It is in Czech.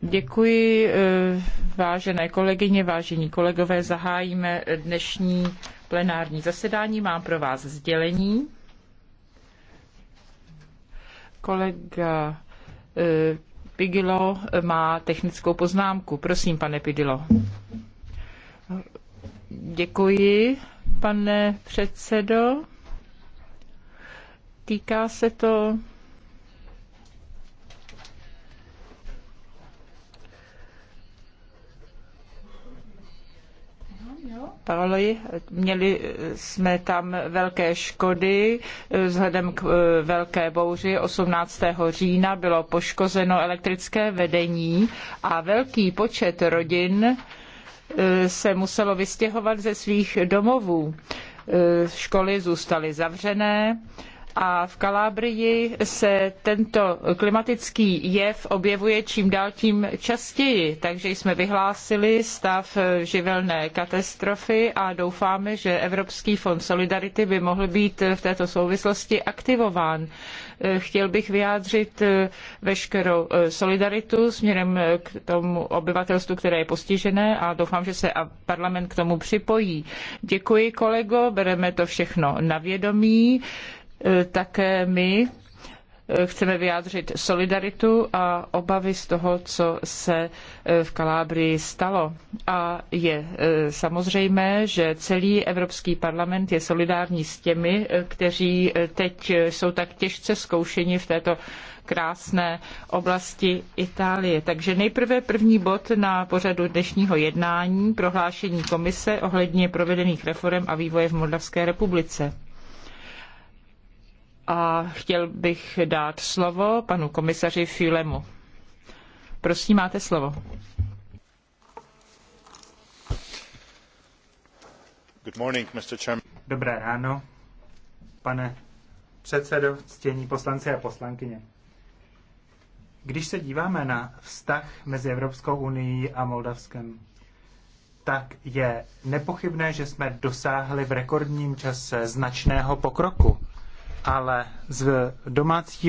Děkuji, eh, vážené kolegyně, vážení kolegové. Zahájíme dnešní plenární zasedání. Mám pro vás sdělení. Kolega eh, Pigilo má technickou poznámku. Prosím, pane Pigilo. Děkuji, pane předsedo. Týká se to Paroli. Měli jsme tam velké škody vzhledem k eh, velké bouři 18. října bylo poškozeno elektrické vedení a velký počet rodin eh, se muselo vystěhovat ze svých domovů. Eh, školy zůstaly zavřené a v Kalábrii se tento klimatický jev objevuje čím dál tím častěji, takže jsme vyhlásili stav živelné katastrofy a doufáme, že Evropský fond Solidarity by mohl být v této souvislosti aktivován. Chtěl bych vyjádřit veškerou solidaritu směrem k tomu obyvatelstvu, které je postižené a doufám, že se parlament k tomu připojí. Děkuji kolego, bereme to všechno na vědomí. Eh, také my eh, chceme vyjádřit solidaritu a obavy z toho, co se eh, v Kalábrii stalo. A je samozřejmé, že celý Evropský parlament je solidární s těmi, kteří teď jsou tak těžce zkoušeni v této krásné oblasti Itálie. Takže nejprve první bod na pořadu dnešního jednání prohlášení komise ohledně provedených reform a vývoje v Moldavské republice a chtěl bych dát slovo panu komisaři Filemu. Prosím, máte slovo. Good morning, Mr. Chairman. Dobré ráno, pane předsedo, ctění poslanci a poslankyně. Když se díváme na vztah mezi Evropskou unii a Moldavskem, tak je nepochybné, že jsme dosáhli v rekordním čase značného pokroku ale z domácí